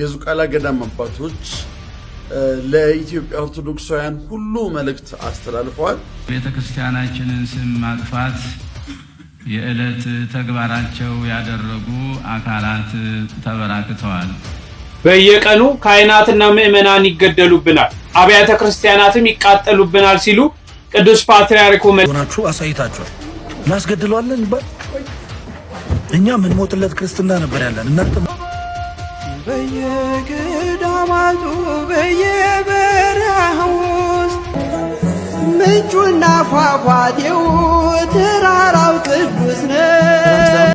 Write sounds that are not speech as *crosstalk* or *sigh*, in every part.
የዝቋላ ገዳም አባቶች ለኢትዮጵያ ኦርቶዶክሳውያን ሁሉ መልእክት አስተላልፈዋል። ቤተ ክርስቲያናችንን ስም ማጥፋት የዕለት ተግባራቸው ያደረጉ አካላት ተበራክተዋል። በየቀኑ ካህናትና ምዕመናን ይገደሉብናል፣ አብያተ ክርስቲያናትም ይቃጠሉብናል ሲሉ ቅዱስ ፓትርያርኩ ሆናችሁ አሳይታችኋል። እናስገድለዋለን። እኛ ምንሞትለት ክርስትና ነበር ያለን እናንተ በየገዳማቱ በየበረሃው ውስጥ ምንጩና ፏፏቴው ተራራው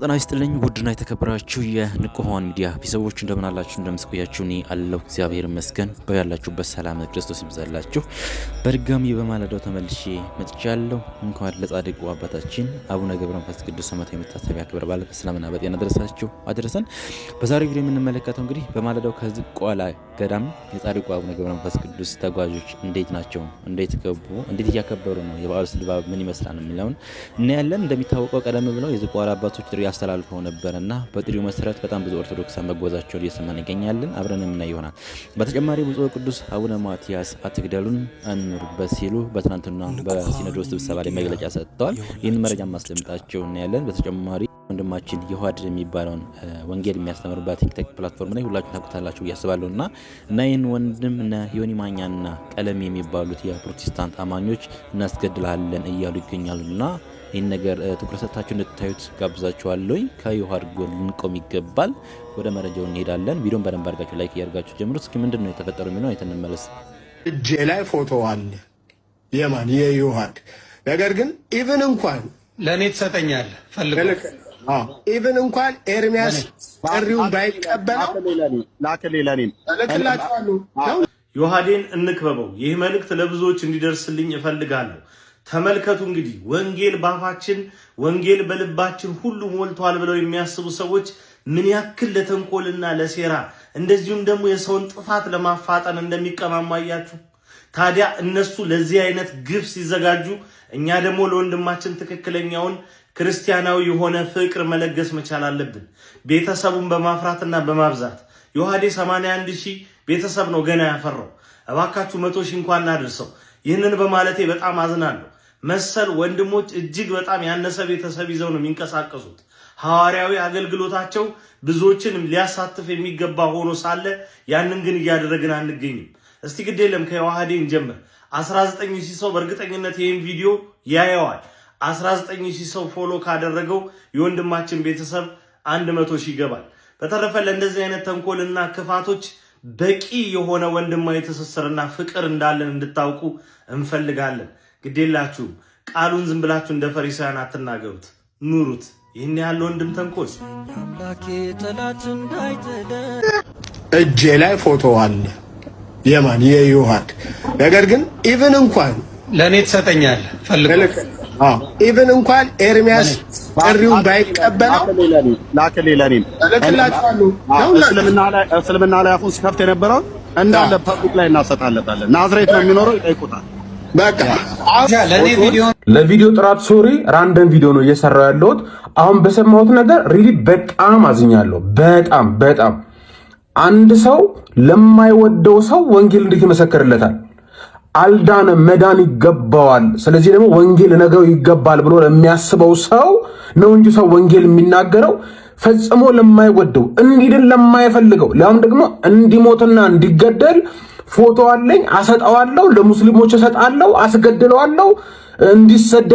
ጤና ይስጥልኝ ውድና የተከበራችሁ የንቁሆን ሚዲያ ቤተሰቦች እንደምን አላችሁ? እንደምስቆያችሁ እኔ አለሁ እግዚአብሔር ይመስገን። በያላችሁበት ሰላም ክርስቶስ ይብዛላችሁ። በድጋሚ በማለዳው ተመልሼ መጥቻለሁ። እንኳን ለጻድቁ አባታችን አቡነ ገብረ መንፈስ ቅዱስ ዓመታዊ መታሰቢያ ክብረ በዓል በሰላምና በጤና ደረሳችሁ አደረሰን። በዛሬው ቪዲዮ የምንመለከተው እንግዲህ በማለዳው ከዝቋላ ገዳም የጻድቁ አቡነ ገብረ መንፈስ ቅዱስ ተጓዦች እንዴት ናቸው፣ እንዴት ገቡ፣ እንዴት እያከበሩ ነው፣ የበዓሉ ድባብ ምን ይመስላል የሚለውን እናያለን። እንደሚታወቀው ቀደም ቀደም ብለው የዝቋላ አባቶች ጥሪ አስተላልፈው ነበር እና በጥሪው መሰረት በጣም ብዙ ኦርቶዶክሳን መጓዛቸውን እየሰማን ይገኛለን። አብረን የምናይ ይሆናል። በተጨማሪ ብፁዕ ቅዱስ አቡነ ማትያስ አትግደሉን አንኑርበት ሲሉ በትናንትና በሲኖዶስ ስብሰባ ላይ መግለጫ ሰጥተዋል። ይህን መረጃ ማስደምጣቸው እናያለን። በተጨማሪ ወንድማችን የውሃድ የሚባለውን ወንጌል የሚያስተምርበት ቲክቶክ ፕላትፎርም ላይ ሁላችሁ ታውቁታላችሁ እያስባለሁ እና እና ይህን ወንድም እነ ዮኒ ማኛና ቀለም የሚባሉት የፕሮቴስታንት አማኞች እናስገድልሃለን እያሉ ይገኛሉ እና ይህን ነገር ትኩረት ሰጥታችሁ እንድታዩት ጋብዛችኋለሁኝ። ከዮሐር ጎን ልንቆም ይገባል። ወደ መረጃው እንሄዳለን። ቪዲዮን በደንብ አድርጋችሁ ላይክ እያደርጋችሁ ጀምሮ እስኪ ምንድን ነው የተፈጠረው የሚለው አይተን እንመለስ። እጄ ላይ ፎቶ አለ የማን የዮሐር ነገር ግን ኢቭን እንኳን ለእኔ ትሰጠኛለ ፈልግ ኢቭን እንኳን ኤርሚያስ ጥሪውን ባይቀበለው ላከሌላኔም ዮሐዴን እንክበበው። ይህ መልእክት ለብዙዎች እንዲደርስልኝ እፈልጋለሁ። ተመልከቱ እንግዲህ ወንጌል ባፋችን ወንጌል በልባችን ሁሉ ሞልቷል ብለው የሚያስቡ ሰዎች ምን ያክል ለተንኮልና ለሴራ እንደዚሁም ደግሞ የሰውን ጥፋት ለማፋጠን እንደሚቀማማያችሁ ታዲያ እነሱ ለዚህ አይነት ግብ ሲዘጋጁ፣ እኛ ደግሞ ለወንድማችን ትክክለኛውን ክርስቲያናዊ የሆነ ፍቅር መለገስ መቻል አለብን። ቤተሰቡን በማፍራትና በማብዛት ዮሐዴ 81 ሺህ ቤተሰብ ነው ገና ያፈራው። እባካችሁ መቶ ሺህ እንኳን አድርሰው ይህንን በማለቴ በጣም አዝናለሁ። መሰል ወንድሞች እጅግ በጣም ያነሰ ቤተሰብ ይዘው ነው የሚንቀሳቀሱት። ሐዋርያዊ አገልግሎታቸው ብዙዎችን ሊያሳትፍ የሚገባ ሆኖ ሳለ ያንን ግን እያደረግን አንገኝም። እስቲ ግድ የለም ከዮሐዴ እንጀምር። 19 ሺህ ሰው በእርግጠኝነት ይህን ቪዲዮ ያየዋል። 19 ሺህ ሰው ፎሎ ካደረገው የወንድማችን ቤተሰብ 100 ሺህ ይገባል። በተረፈ ለእንደዚህ አይነት ተንኮልና ክፋቶች በቂ የሆነ ወንድማዊ ትስስርና ፍቅር እንዳለን እንድታውቁ እንፈልጋለን። ግዴላችሁም። ቃሉን ዝም ብላችሁ እንደ ፈሪሳውያን አትናገሩት፣ ኑሩት። ይህን ያለ ወንድም ተንኮስ እጄ ላይ ፎቶ አለ የማን የዮሐን ነገር ግን ኢቭን እንኳን ለእኔ ትሰጠኛለህ ፈልግ ኢቭን እንኳን ኤርሚያስ ጥሪውን ባይቀበለው ላክልኝ ለእኔም እልክላችኋለሁ። እስልምና ላይ አፉን ሲከፍት የነበረውን እንዳለ ፐብሊክ ላይ እናሰጣለታለን። ናዝሬት ነው የሚኖረው ይጠይቁታል ለቪዲዮ ጥራት ሶሪ ራንደም ቪዲዮ ነው እየሰራው ያለሁት። አሁን በሰማሁት ነገር ሪሊ በጣም አዝኛለሁ። በጣም በጣም አንድ ሰው ለማይወደው ሰው ወንጌል እንዴት ይመሰክርለታል? አልዳነ መዳን ይገባዋል። ስለዚህ ደግሞ ወንጌል ነገው ይገባል ብሎ ለሚያስበው ሰው ነው እንጂ ሰው ወንጌል የሚናገረው ፈጽሞ ለማይወደው እንዲድን ለማይፈልገው፣ ሊያውም ደግሞ እንዲሞትና እንዲገደል ፎቶ አለኝ፣ አሰጠዋለሁ፣ ለሙስሊሞች እሰጣለሁ፣ አስገድለዋለሁ እንዲሰደ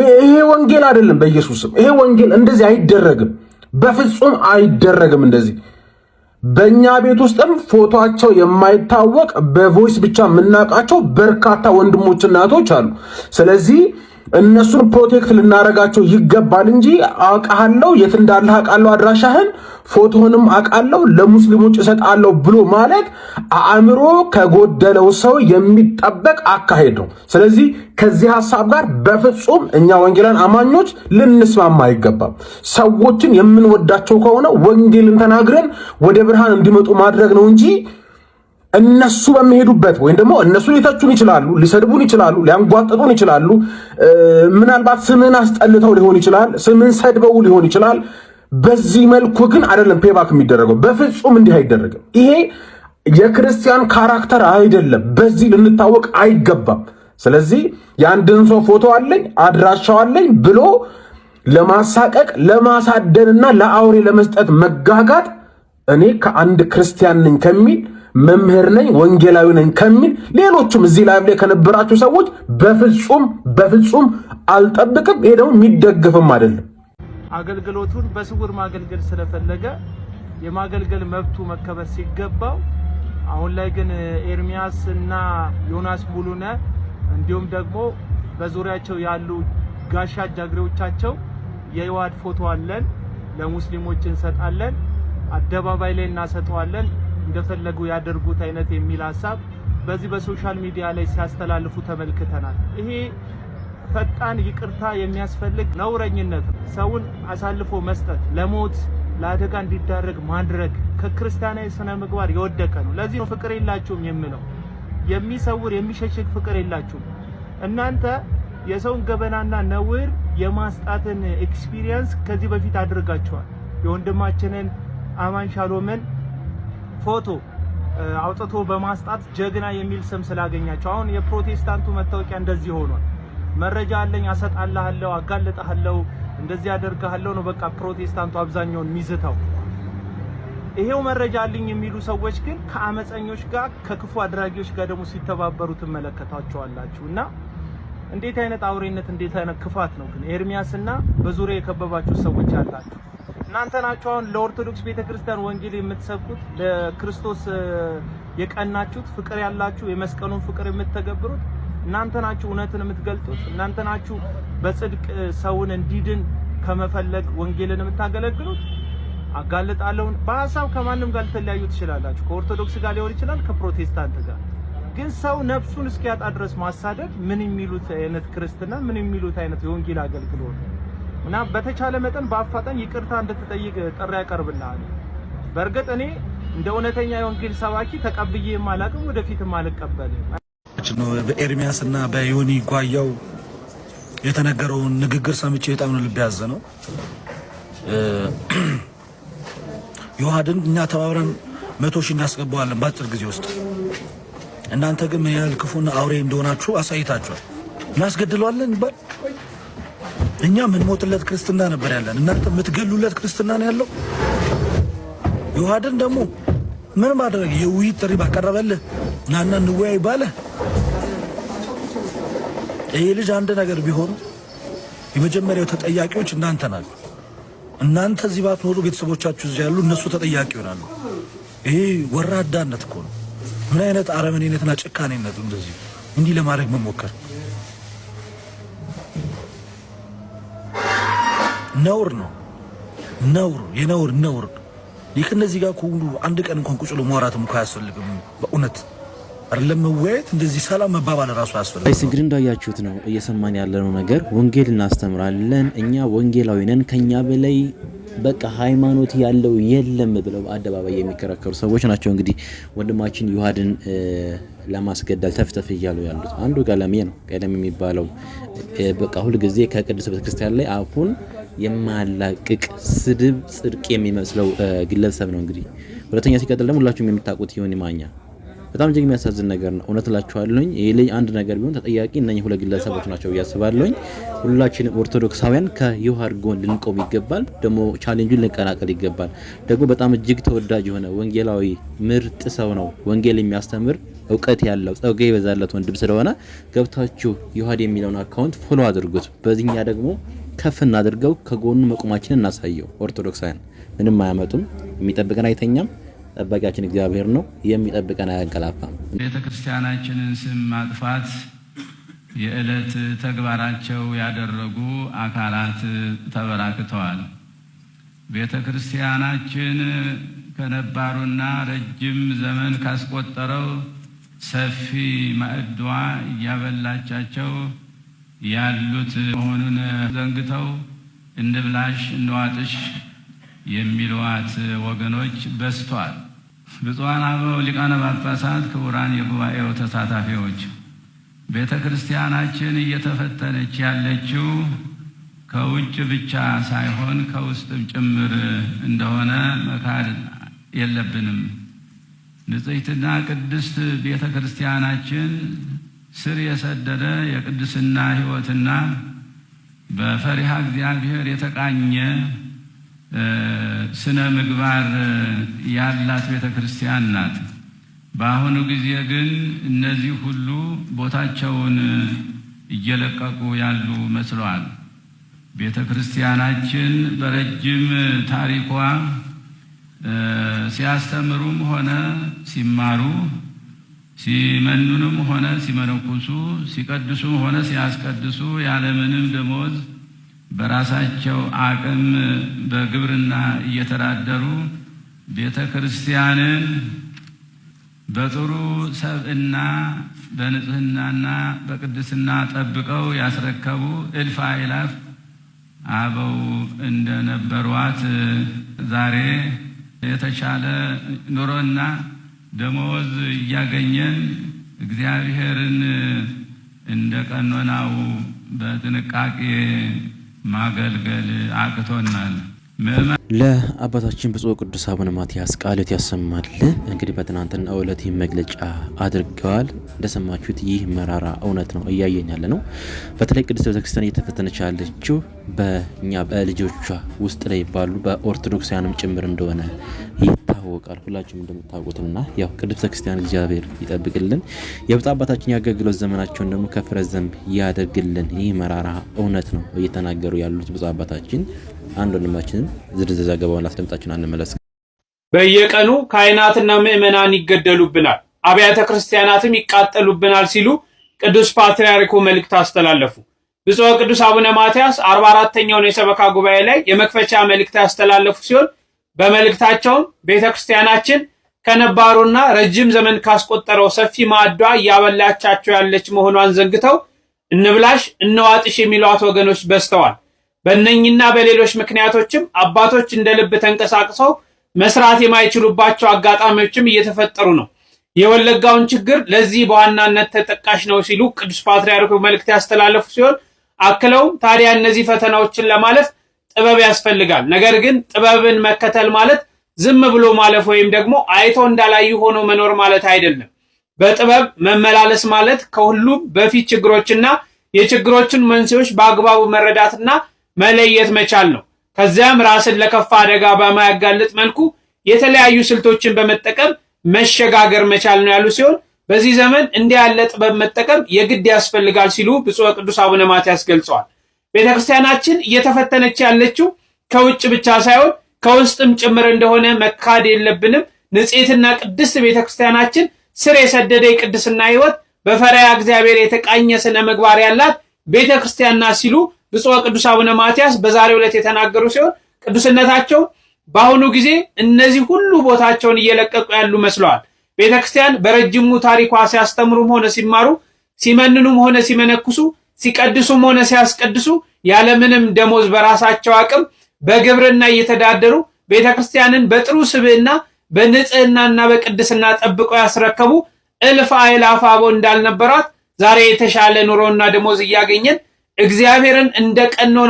ይሄ ወንጌል አይደለም። በኢየሱስም ይሄ ወንጌል እንደዚህ አይደረግም፣ በፍጹም አይደረግም። እንደዚህ በእኛ ቤት ውስጥም ፎቶአቸው የማይታወቅ በቮይስ ብቻ የምናውቃቸው በርካታ ወንድሞች እናቶች አሉ። ስለዚህ እነሱን ፕሮቴክት ልናረጋቸው ይገባል እንጂ አውቃለሁ፣ የት እንዳለህ አውቃለሁ፣ አድራሻህን ፎቶንም አውቃለሁ፣ ለሙስሊሞች እሰጣለሁ ብሎ ማለት አእምሮ ከጎደለው ሰው የሚጠበቅ አካሄድ ነው። ስለዚህ ከዚህ ሀሳብ ጋር በፍጹም እኛ ወንጌላን አማኞች ልንስማማ አይገባም። ሰዎችን የምንወዳቸው ከሆነ ወንጌልን ተናግረን ወደ ብርሃን እንዲመጡ ማድረግ ነው እንጂ እነሱ በሚሄዱበት ወይም ደግሞ እነሱ ሊተቹን ይችላሉ፣ ሊሰድቡን ይችላሉ፣ ሊያንጓጥጡን ይችላሉ። ምናልባት ስምን አስጠልተው ሊሆን ይችላል፣ ስምን ሰድበው ሊሆን ይችላል። በዚህ መልኩ ግን አይደለም ፔባክ የሚደረገው። በፍጹም እንዲህ አይደረግም። ይሄ የክርስቲያን ካራክተር አይደለም። በዚህ ልንታወቅ አይገባም። ስለዚህ የአንድን ሰው ፎቶ አለኝ አድራሻው አለኝ ብሎ ለማሳቀቅ ለማሳደንና ለአውሬ ለመስጠት መጋጋት እኔ ከአንድ ክርስቲያን ነኝ ከሚል መምህር ነኝ ወንጌላዊ ነኝ ከሚል ሌሎቹም እዚህ ላይ ላይ ከነበራችሁ ሰዎች በፍጹም በፍጹም አልጠብቅም። ይሄ ደግሞ የሚደገፍም አይደለም። አገልግሎቱን በስውር ማገልገል ስለፈለገ የማገልገል መብቱ መከበር ሲገባው፣ አሁን ላይ ግን ኤርሚያስ እና ዮናስ ሙሉነ እንዲሁም ደግሞ በዙሪያቸው ያሉ ጋሻ ጃግሬዎቻቸው የህወሓት ፎቶ አለን ለሙስሊሞች እንሰጣለን፣ አደባባይ ላይ እናሰጠዋለን እንደፈለጉ ያደርጉት አይነት የሚል ሀሳብ በዚህ በሶሻል ሚዲያ ላይ ሲያስተላልፉ ተመልክተናል። ይሄ ፈጣን ይቅርታ የሚያስፈልግ ነውረኝነት ነው። ሰውን አሳልፎ መስጠት፣ ለሞት ለአደጋ እንዲዳረግ ማድረግ ከክርስቲያናዊ ስነ ምግባር የወደቀ ነው። ለዚህ ነው ፍቅር የላችሁም የምለው። የሚሰውር የሚሸሽግ ፍቅር የላችሁም። እናንተ የሰውን ገበናና ነውር የማስጣትን ኤክስፒሪየንስ ከዚህ በፊት አድርጋችኋል። የወንድማችንን አማን ሻሎምን ፎቶ አውጥቶ በማስጣት ጀግና የሚል ስም ስላገኛቸው አሁን የፕሮቴስታንቱ መታወቂያ እንደዚህ ሆኗል። መረጃ አለኝ፣ አሰጣልሃለሁ፣ አጋልጠሃለሁ፣ እንደዚህ አደርግሃለሁ ነው በቃ ፕሮቴስታንቱ አብዛኛውን ሚዝተው። ይሄው መረጃ አለኝ የሚሉ ሰዎች ግን ከአመፀኞች ጋር ከክፉ አድራጊዎች ጋር ደግሞ ሲተባበሩ ትመለከታቸዋላችሁ እና እንዴት አይነት አውሬነት እንዴት አይነት ክፋት ነው ግን ኤርሚያስና በዙሪያ የከበባችሁ ሰዎች አላችሁ። እናንተ ናችሁ አሁን ለኦርቶዶክስ ቤተክርስቲያን ወንጌል የምትሰብኩት ለክርስቶስ የቀናችሁት ፍቅር ያላችሁ የመስቀሉን ፍቅር የምትተገብሩት እናንተ ናችሁ እውነትን የምትገልጡት እናንተ ናችሁ በጽድቅ ሰውን እንዲድን ከመፈለግ ወንጌልን የምታገለግሉት አጋልጣለሁ በሀሳብ ከማንም ጋር ልትለያዩ ትችላላችሁ ከኦርቶዶክስ ጋር ሊሆን ይችላል ከፕሮቴስታንት ጋር ግን ሰው ነፍሱን እስኪያጣ ድረስ ማሳደድ ምን የሚሉት አይነት ክርስትና ምን የሚሉት አይነት የወንጌል አገልግሎት ነው እና በተቻለ መጠን በአፋጣኝ ይቅርታ እንድትጠይቅ ጥሪ ያቀርብልሃል። በእርግጥ እኔ እንደ እውነተኛ የወንጌል ሰባኪ ተቀብዬ የማላቅም ወደፊትም አልቀበልም። በኤርሚያስ እና በዮኒ ጓያው የተነገረውን ንግግር ሰምቼ በጣም ነው ልብ ያዘ ነው *clears throat* ዮሐድን እኛ ተባብረን መቶ ሺህ እናስገባዋለን በአጭር ጊዜ ውስጥ እናንተ ግን ምን ያህል ክፉና አውሬ እንደሆናችሁ አሳይታችኋል። እናስገድለዋለን ይባል እኛ ምንሞትለት ክርስትና ነበር ያለን፣ እናንተ የምትገሉለት ክርስትና ነው ያለው። ዮሐድን ደግሞ ምን ማድረግ የውይይት ጥሪ ባቀረበልህ ናና እንወያይ ባለህ ይህ ልጅ አንድ ነገር ቢሆን የመጀመሪያው ተጠያቂዎች እናንተ ናችሁ። እናንተ እዚህ ባትኖሩ ቤተሰቦቻችሁ እዚህ ያሉ እነሱ ተጠያቂ ይሆናሉ። ይሄ ወራዳነት እኮ ነው። ምን አይነት አረመኔነትና ጭካኔነት እንደዚህ እንዲህ ለማድረግ መሞከር ነውር ነው። ነውር የነውር ነውር። ይህ ከነዚህ ጋር ሁሉ አንድ ቀን እንኳን ቁጭሎ ብሎ ማውራትም እኮ አያስፈልግም በእውነት አይደለም እንደዚህ ሰላም መባባል ራሱ ያስፈልጋል። ይስ እንግዲህ እንዳያችሁት ነው እየሰማን ያለነው ነገር ወንጌል እናስተምራለን እኛ ወንጌላዊ ነን ከኛ በላይ በቃ ሃይማኖት ያለው የለም ብለው አደባባይ የሚከራከሩ ሰዎች ናቸው። እንግዲህ ወንድማችን ዮሐድን ለማስገደል ተፍተፍ እያሉ ያሉት አንዱ ቀለሜ ነው። ቀለሜ የሚባለው በቃ ሁልጊዜ ከቅዱስ ቤተክርስቲያን ላይ አሁን የማላቅቅ ስድብ ጽድቅ የሚመስለው ግለሰብ ነው። እንግዲህ ሁለተኛ ሲቀጥል ደግሞ ሁላችሁም የምታውቁት ይሁን ማኛ በጣም እጅግ የሚያሳዝን ነገር ነው። እውነት እላችኋለሁኝ ይህ ልጅ አንድ ነገር ቢሆን ተጠያቂ እነኝህ ሁለት ግለሰቦች ናቸው ብዬ አስባለሁኝ። ሁላችንም ኦርቶዶክሳውያን ከዮሐር ጎን ልንቆም ይገባል። ደግሞ ቻሌንጁን ልንቀላቀል ይገባል። ደግሞ በጣም እጅግ ተወዳጅ የሆነ ወንጌላዊ ምርጥ ሰው ነው። ወንጌል የሚያስተምር እውቀት ያለው ጸጋ የበዛለት ወንድም ስለሆነ ገብታችሁ ዮሐድ የሚለውን አካውንት ፎሎ አድርጉት። በዚህኛ ደግሞ ከፍ እናድርገው፣ ከጎኑ መቆማችንን እናሳየው። ኦርቶዶክሳውያን ምንም አያመጡም። የሚጠብቀን አይተኛም። ጠባቂያችን እግዚአብሔር ነው። የሚጠብቀን አያንቀላፋም። ቤተክርስቲያናችንን ስም ማጥፋት የዕለት ተግባራቸው ያደረጉ አካላት ተበራክተዋል። ቤተ ክርስቲያናችን ከነባሩና ረጅም ዘመን ካስቆጠረው ሰፊ ማዕድዋ እያበላቻቸው ያሉት መሆኑን ዘንግተው እንብላሽ እንዋጥሽ የሚለዋት ወገኖች በስቷል። ብፁዓን አበው ሊቃነ ጳጳሳት፣ ክቡራን የጉባኤው ተሳታፊዎች፣ ቤተ ክርስቲያናችን እየተፈተነች ያለችው ከውጭ ብቻ ሳይሆን ከውስጥም ጭምር እንደሆነ መካድ የለብንም። ንጽሕትና ቅድስት ቤተ ክርስቲያናችን ስር የሰደደ የቅድስና ህይወትና በፈሪሃ እግዚአብሔር የተቃኘ ስነ ምግባር ያላት ቤተ ክርስቲያን ናት። በአሁኑ ጊዜ ግን እነዚህ ሁሉ ቦታቸውን እየለቀቁ ያሉ መስለዋል። ቤተ ክርስቲያናችን በረጅም ታሪኳ ሲያስተምሩም ሆነ ሲማሩ ሲመኑንም ሆነ ሲመነኩሱ ሲቀድሱም ሆነ ሲያስቀድሱ ያለምንም ደሞዝ በራሳቸው አቅም በግብርና እየተዳደሩ ቤተ ክርስቲያንን በጥሩ ሰብእና በንጽህናና በቅድስና ጠብቀው ያስረከቡ እልፍ አእላፍ አበው እንደነበሯት ዛሬ የተሻለ ኑሮና ደመወዝ እያገኘን እግዚአብሔርን እንደ ቀኖናው በጥንቃቄ ማገልገል አቅቶናል። ለአባታችን ብፁዕ ቅዱስ አቡነ ማትያስ ቃልት ያሰማል። እንግዲህ በትናንትናው ዕለት ይህ መግለጫ አድርገዋል። እንደሰማችሁት ይህ መራራ እውነት ነው፣ እያየን ያለ ነው። በተለይ ቅድስት ቤተክርስቲያን እየተፈተነች ያለችው በእኛ በልጆቿ ውስጥ ላይ ባሉ በኦርቶዶክሳውያንም ጭምር እንደሆነ ይታወቃል። ሁላችሁም እንደምታውቁትና ያው ቅድስት ቤተክርስቲያን እግዚአብሔር ይጠብቅልን፣ የብፁዕ አባታችን ያገልግሎት ዘመናቸውን ደግሞ ከፍረ ዘንብ ያደርግልን። ይህ መራራ እውነት ነው እየተናገሩ ያሉት ብፁዕ አባታችን አንድ ወንድማችንን ዝርዝር ዘገባውን ላስደምጣችን አንመለስ። በየቀኑ ካህናትና ምዕመናን ይገደሉብናል፣ አብያተ ክርስቲያናትም ይቃጠሉብናል ሲሉ ቅዱስ ፓትርያርኩ መልእክት አስተላለፉ። ብፁዕ ቅዱስ አቡነ ማትያስ አርባ አራተኛውን የሰበካ ጉባኤ ላይ የመክፈቻ መልእክት ያስተላለፉ ሲሆን በመልእክታቸውም ቤተ ክርስቲያናችን ከነባሩና ረጅም ዘመን ካስቆጠረው ሰፊ ማዕዷ እያበላቻቸው ያለች መሆኗን ዘንግተው እንብላሽ እንዋጥሽ የሚሏት ወገኖች በዝተዋል። በእነኝና በሌሎች ምክንያቶችም አባቶች እንደ ልብ ተንቀሳቅሰው መስራት የማይችሉባቸው አጋጣሚዎችም እየተፈጠሩ ነው። የወለጋውን ችግር ለዚህ በዋናነት ተጠቃሽ ነው ሲሉ ቅዱስ ፓትርያርኩ መልእክት ያስተላለፉ ሲሆን አክለውም ታዲያ እነዚህ ፈተናዎችን ለማለፍ ጥበብ ያስፈልጋል። ነገር ግን ጥበብን መከተል ማለት ዝም ብሎ ማለፍ ወይም ደግሞ አይቶ እንዳላዩ ሆኖ መኖር ማለት አይደለም። በጥበብ መመላለስ ማለት ከሁሉም በፊት ችግሮችና የችግሮችን መንስኤዎች በአግባቡ መረዳትና መለየት መቻል ነው። ከዚያም ራስን ለከፋ አደጋ በማያጋልጥ መልኩ የተለያዩ ስልቶችን በመጠቀም መሸጋገር መቻል ነው ያሉ ሲሆን በዚህ ዘመን እንዲህ ያለ ጥበብ መጠቀም የግድ ያስፈልጋል ሲሉ ብፁዕ ቅዱስ አቡነ ማትያስ ገልጸዋል። ቤተ ክርስቲያናችን እየተፈተነች ያለችው ከውጭ ብቻ ሳይሆን ከውስጥም ጭምር እንደሆነ መካድ የለብንም። ንጽሕትና ቅድስት ቤተ ክርስቲያናችን ስር የሰደደ የቅድስና ሕይወት በፈሪሃ እግዚአብሔር የተቃኘ ስነ ምግባር ያላት ቤተ ክርስቲያን ናት ሲሉ ብፁዕ ቅዱስ አቡነ ማትያስ በዛሬው ዕለት የተናገሩ ሲሆን ቅዱስነታቸው በአሁኑ ጊዜ እነዚህ ሁሉ ቦታቸውን እየለቀቁ ያሉ መስለዋል። ቤተ ክርስቲያን በረጅሙ ታሪኳ ሲያስተምሩም ሆነ ሲማሩ፣ ሲመንኑም ሆነ ሲመነኩሱ፣ ሲቀድሱም ሆነ ሲያስቀድሱ ያለምንም ደሞዝ በራሳቸው አቅም በግብርና እየተዳደሩ ቤተ ክርስቲያንን በጥሩ ስብዕና በንጽህናና በቅድስና ጠብቀው ያስረከቡ እልፍ አእላፍ አቦ እንዳልነበሯት ዛሬ የተሻለ ኑሮና ደሞዝ እያገኘን እግዚአብሔርን እንደ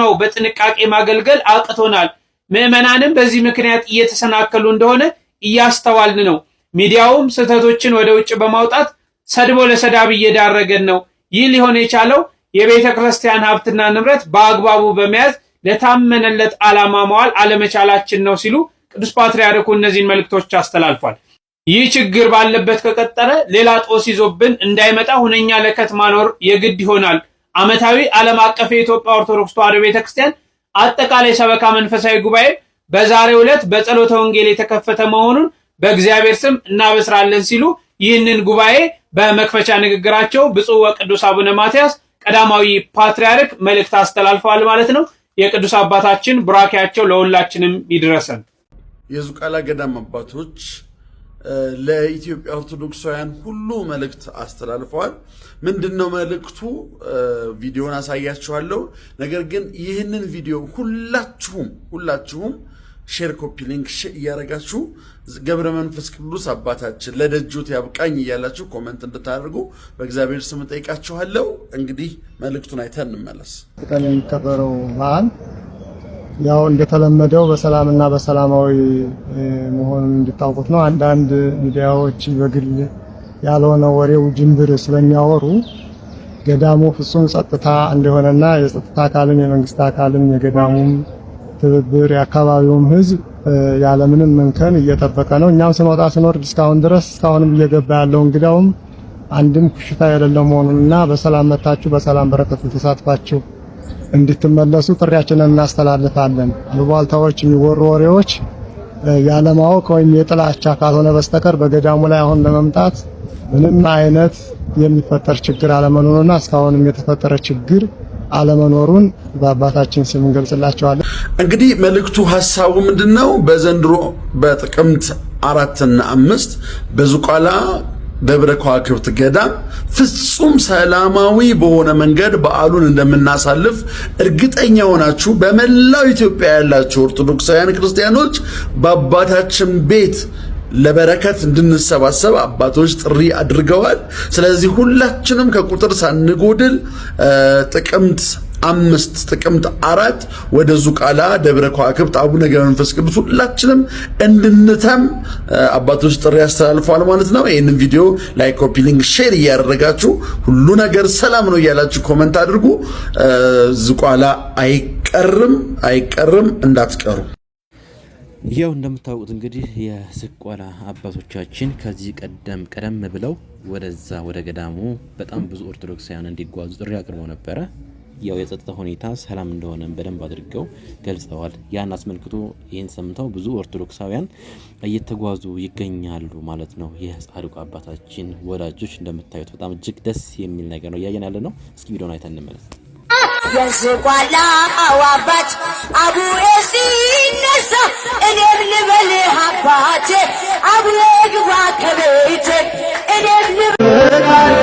ነው በጥንቃቄ ማገልገል አቅቶናል። ምዕመናንም በዚህ ምክንያት እየተሰናከሉ እንደሆነ እያስተዋልን ነው። ሚዲያውም ስህተቶችን ወደ ውጭ በማውጣት ሰድቦ ለሰዳብ እየዳረገን ነው። ይህ ሊሆን የቻለው የቤተ ክርስቲያን ሀብትና ንብረት በአግባቡ በመያዝ ለታመነለት ዓላማ መዋል አለመቻላችን ነው ሲሉ ቅዱስ ፓትርያርኩ እነዚህን መልእክቶች አስተላልፏል። ይህ ችግር ባለበት ከቀጠረ ሌላ ጦስ ይዞብን እንዳይመጣ ሁነኛ ለከት ማኖር የግድ ይሆናል። ዓመታዊ ዓለም አቀፍ የኢትዮጵያ ኦርቶዶክስ ተዋሕዶ ቤተክርስቲያን አጠቃላይ ሰበካ መንፈሳዊ ጉባኤ በዛሬው ዕለት በጸሎተ ወንጌል የተከፈተ መሆኑን በእግዚአብሔር ስም እናበስራለን ሲሉ ይህንን ጉባኤ በመክፈቻ ንግግራቸው ብፁዕ ወቅዱስ አቡነ ማትያስ ቀዳማዊ ፓትርያርክ መልእክት አስተላልፈዋል ማለት ነው። የቅዱስ አባታችን ቡራኬያቸው ለሁላችንም ይድረሰን። የዙቃላ ገዳም አባቶች ለኢትዮጵያ ኦርቶዶክሳውያን ሁሉ መልእክት አስተላልፈዋል። ምንድን ነው መልእክቱ? ቪዲዮን አሳያችኋለሁ። ነገር ግን ይህንን ቪዲዮ ሁላችሁም ሁላችሁም ሼር ኮፒ ሊንክ እያደረጋችሁ ገብረ መንፈስ ቅዱስ አባታችን ለደጆት ያብቃኝ እያላችሁ ኮመንት እንድታደርጉ በእግዚአብሔር ስም ጠይቃችኋለሁ። እንግዲህ መልእክቱን አይተን እንመለስ። የሚከበረው በዓል ያው እንደተለመደው በሰላምና በሰላማዊ መሆኑን እንድታውቁት ነው። አንዳንድ ሚዲያዎች በግል ያልሆነ ወሬው ጅንብር ስለሚያወሩ ገዳሙ ፍጹም ጸጥታ እንደሆነና የጸጥታ አካልም የመንግስት አካልም የገዳሙም ትብብር የአካባቢውም ህዝብ ያለምንም መንከን እየጠበቀ ነው። እኛም ስንወጣ ስንወርድ እስካሁን ድረስ እስካሁንም እየገባ ያለው እንግዳውም አንድም ኩሽታ የሌለው መሆኑንና በሰላም መታችሁ በሰላም በረከት ተሳትፋችሁ እንድትመለሱ ጥሪያችንን እናስተላልፋለን። አሉባልታዎች፣ የሚወሩ ወሬዎች ያለማወቅ ወይም የጥላቻ ካልሆነ በስተቀር በገዳሙ ላይ አሁን ለመምጣት ምንም አይነት የሚፈጠር ችግር አለመኖሩና እስካሁንም የተፈጠረ ችግር አለመኖሩን በአባታችን ስም እንገልጽላቸዋለን። እንግዲህ መልእክቱ ሀሳቡ ምንድን ነው? በዘንድሮ በጥቅምት አራትና አምስት በዝቋላ ደብረ ከዋክብት ገዳም ፍጹም ሰላማዊ በሆነ መንገድ በዓሉን እንደምናሳልፍ እርግጠኛ ሆናችሁ በመላው ኢትዮጵያ ያላችሁ ኦርቶዶክሳውያን ክርስቲያኖች በአባታችን ቤት ለበረከት እንድንሰባሰብ አባቶች ጥሪ አድርገዋል። ስለዚህ ሁላችንም ከቁጥር ሳንጎድል ጥቅምት አምስት ጥቅምት አራት ወደ ዙቃላ ደብረ ከዋክብት አቡነ ገብረ መንፈስ ቅዱስ ሁላችንም እንድንተም አባቶች ጥሪ ያስተላልፈዋል ማለት ነው። ይህንን ቪዲዮ ላይ ኮፒ ሊንክ፣ ሼር እያደረጋችሁ ሁሉ ነገር ሰላም ነው እያላችሁ ኮመንት አድርጉ። ዙቃላ አይቀርም አይቀርም፣ እንዳትቀሩ። ያው እንደምታውቁት እንግዲህ የዝቋላ አባቶቻችን ከዚህ ቀደም ቀደም ብለው ወደዛ ወደ ገዳሙ በጣም ብዙ ኦርቶዶክሳውያን እንዲጓዙ ጥሪ አቅርበው ነበረ። ያው የጸጥታ ሁኔታ ሰላም እንደሆነ በደንብ አድርገው ገልጸዋል። ያን አስመልክቶ ይህን ሰምተው ብዙ ኦርቶዶክሳውያን እየተጓዙ ይገኛሉ ማለት ነው። ይህ የጻድቁ አባታችን ወዳጆች እንደምታዩት በጣም እጅግ ደስ የሚል ነገር ነው እያየን ያለ ነው። እስኪ ቪዲዮን አይተን እንመለስ። የዝቋላ አባት አቡዬ ሲነሳ እኔም ልበል አባቴ አቡዬ ግባ ከቤቴ እኔም ልበል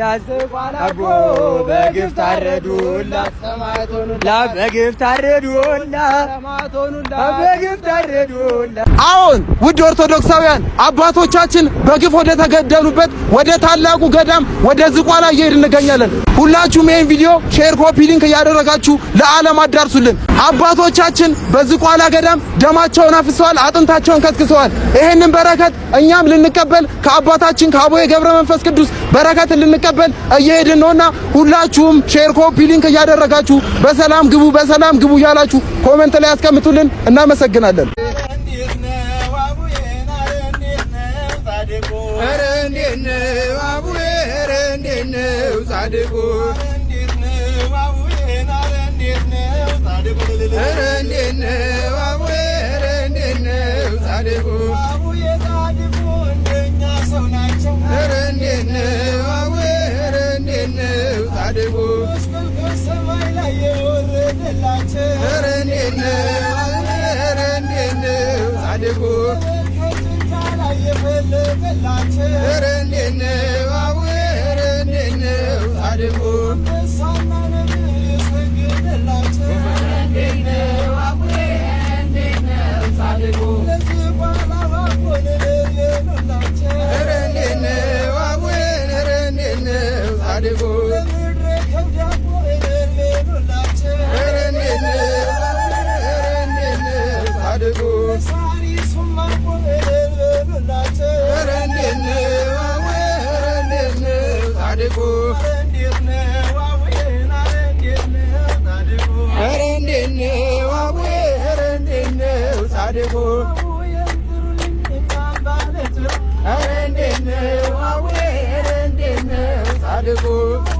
ታረዱላት አቦ በግፍ ታረዱላት ሰማዕቶኑላ በግፍ በግፍ ውድ ኦርቶዶክሳውያን አባቶቻችን በግፍ ወደ ተገደሉበት ወደ ታላቁ ገዳም ወደ ዝቋላ እየሄድ እንገኛለን። ሁላችሁም ይህን ቪዲዮ ሼር፣ ኮፒ ሊንክ እያደረጋችሁ ለዓለም አዳርሱልን። አባቶቻችን በዝቋላ ገዳም ደማቸውን አፍሰዋል፣ አጥንታቸውን ከስክሰዋል። ይህንን በረከት እኛም ልንቀበል ከአባታችን ከአቡነ ገብረ መንፈስ ቅዱስ በረከት ልንቀበል እየሄድን ነውና ሁላችሁም ሼር፣ ኮፒ ሊንክ እያደረጋችሁ በሰላም ግቡ፣ በሰላም ግቡ እያላችሁ ኮመንት ላይ አስቀምጡልን እናመሰግናለን። ጻድቁ አቡዬ ጻድቁ እንደኛ ሰው ናቸው። ኧረ እንዴት ነው አቡዬ ኧረ እንዴት ነው ጻድቁ ሰማይ ላይ የወረደላቸው ኧረ እንዴት ነው ኧረ እንዴት ነው ጻድቁ ከጭንጫ ላይ የፈለገላቸው ኧረ እንዴት ነው አቡዬ ኧረ እንዴት ነው ጻድቁ devoto. the world.